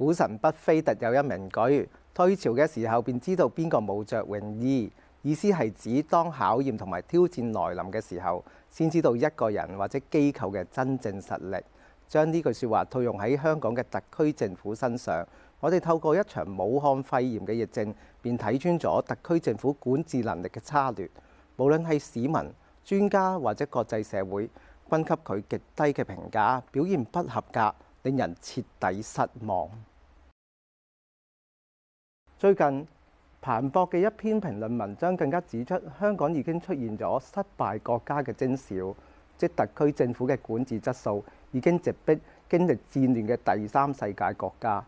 古神巴菲特有一名句。退潮嘅時候，便知道邊個冇着泳衣。意思係指當考驗同埋挑戰來臨嘅時候，先知道一個人或者機構嘅真正實力。將呢句說話套用喺香港嘅特區政府身上，我哋透過一場武漢肺炎嘅疫症，便睇穿咗特區政府管治能力嘅差劣。無論係市民、專家或者國際社會，均給佢極低嘅評價，表現不合格，令人徹底失望。最近彭博嘅一篇評論文章更加指出，香港已經出現咗失敗國家嘅徵兆，即特區政府嘅管治質素已經直逼經歷戰亂嘅第三世界國家。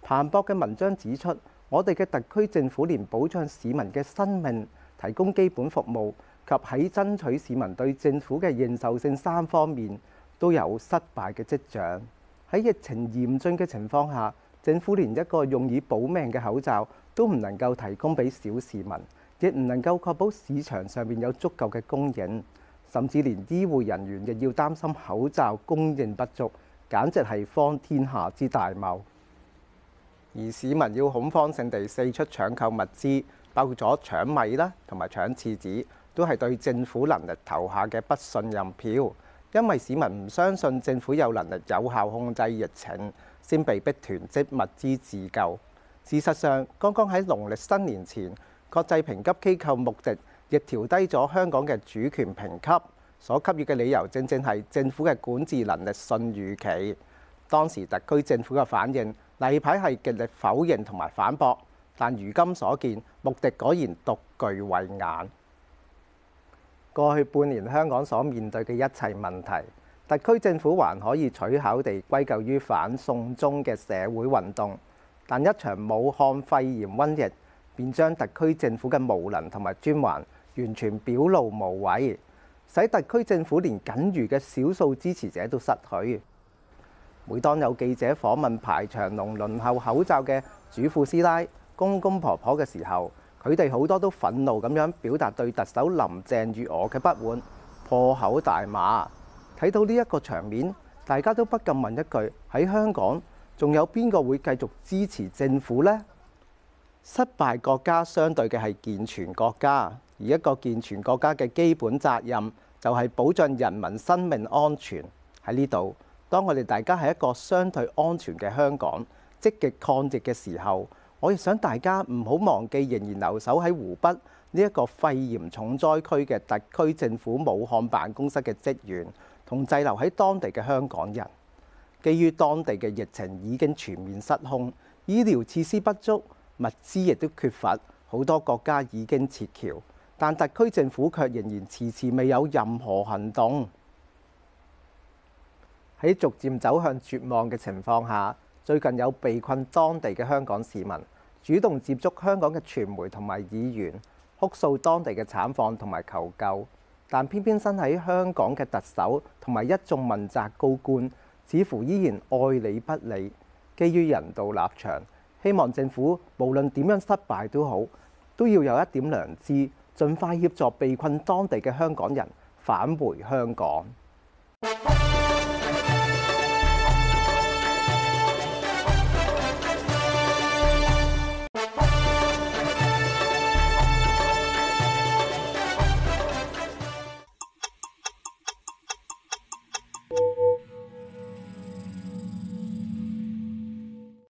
彭博嘅文章指出，我哋嘅特區政府連保障市民嘅生命、提供基本服務及喺爭取市民對政府嘅認受性三方面都有失敗嘅跡象。喺疫情嚴峻嘅情況下，政府連一個用以保命嘅口罩都唔能夠提供俾小市民，亦唔能夠確保市場上面有足夠嘅供應，甚至連醫護人員亦要擔心口罩供應不足，簡直係荒天下之大謬。而市民要恐慌性地四出搶購物資，包括咗搶米啦同埋搶廁紙，都係對政府能力投下嘅不信任票，因為市民唔相信政府有能力有效控制疫情。先被迫囤積物資自救。事實上，剛剛喺農曆新年前，國際評級機構穆迪亦調低咗香港嘅主權評級，所給予嘅理由正正係政府嘅管治能力信譽期。當時特區政府嘅反應，例牌係極力否認同埋反駁，但如今所見，穆迪果然獨具慧眼。過去半年香港所面對嘅一切問題。特區政府還可以取巧地歸咎於反送中嘅社會運動，但一場武漢肺炎瘟疫便將特區政府嘅無能同埋專橫完全表露無遺，使特區政府連僅餘嘅少數支持者都失去。每當有記者訪問排長龍輪候口罩嘅主婦師奶、公公婆婆嘅時候，佢哋好多都憤怒咁樣表達對特首林鄭月娥嘅不滿，破口大罵。睇到呢一個場面，大家都不禁問一句：喺香港仲有邊個會繼續支持政府呢？失敗國家相對嘅係健全國家，而一個健全國家嘅基本責任就係保障人民生命安全。喺呢度，當我哋大家係一個相對安全嘅香港，積極抗疫嘅時候，我亦想大家唔好忘記，仍然留守喺湖北呢一個肺炎重災區嘅特區政府武漢辦公室嘅職員。同滯留喺當地嘅香港人，基於當地嘅疫情已經全面失控，醫療設施不足，物資亦都缺乏，好多國家已經撤僑，但特區政府卻仍然遲遲未有任何行動。喺逐漸走向絕望嘅情況下，最近有被困當地嘅香港市民主動接觸香港嘅傳媒同埋議員，哭訴當地嘅慘況同埋求救。但偏偏身喺香港嘅特首同埋一眾問責高官，似乎依然愛理不理。基於人道立場，希望政府無論點樣失敗都好，都要有一點良知，盡快協助被困當地嘅香港人返回香港。